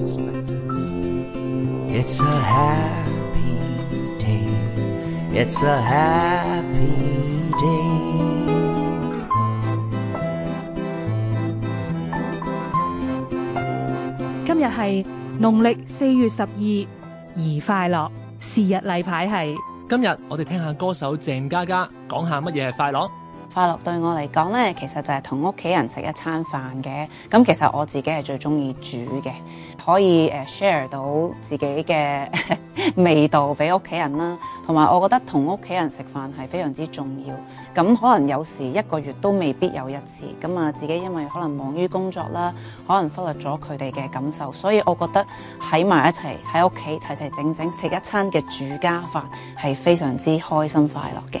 It's a happy day. It's a happy day. 今日係農曆四月十二，而快樂是日例牌係今日，我哋聽下歌手鄭嘉嘉講下乜嘢係快樂。快樂對我嚟講咧，其實就係同屋企人食一餐飯嘅。咁其實我自己係最中意煮嘅，可以誒 share 到自己嘅 味道俾屋企人啦。同埋我覺得同屋企人食飯係非常之重要。咁可能有時一個月都未必有一次。咁啊，自己因為可能忙於工作啦，可能忽略咗佢哋嘅感受。所以我覺得喺埋一齊喺屋企齊齊整整食一餐嘅煮家飯係非常之開心快樂嘅。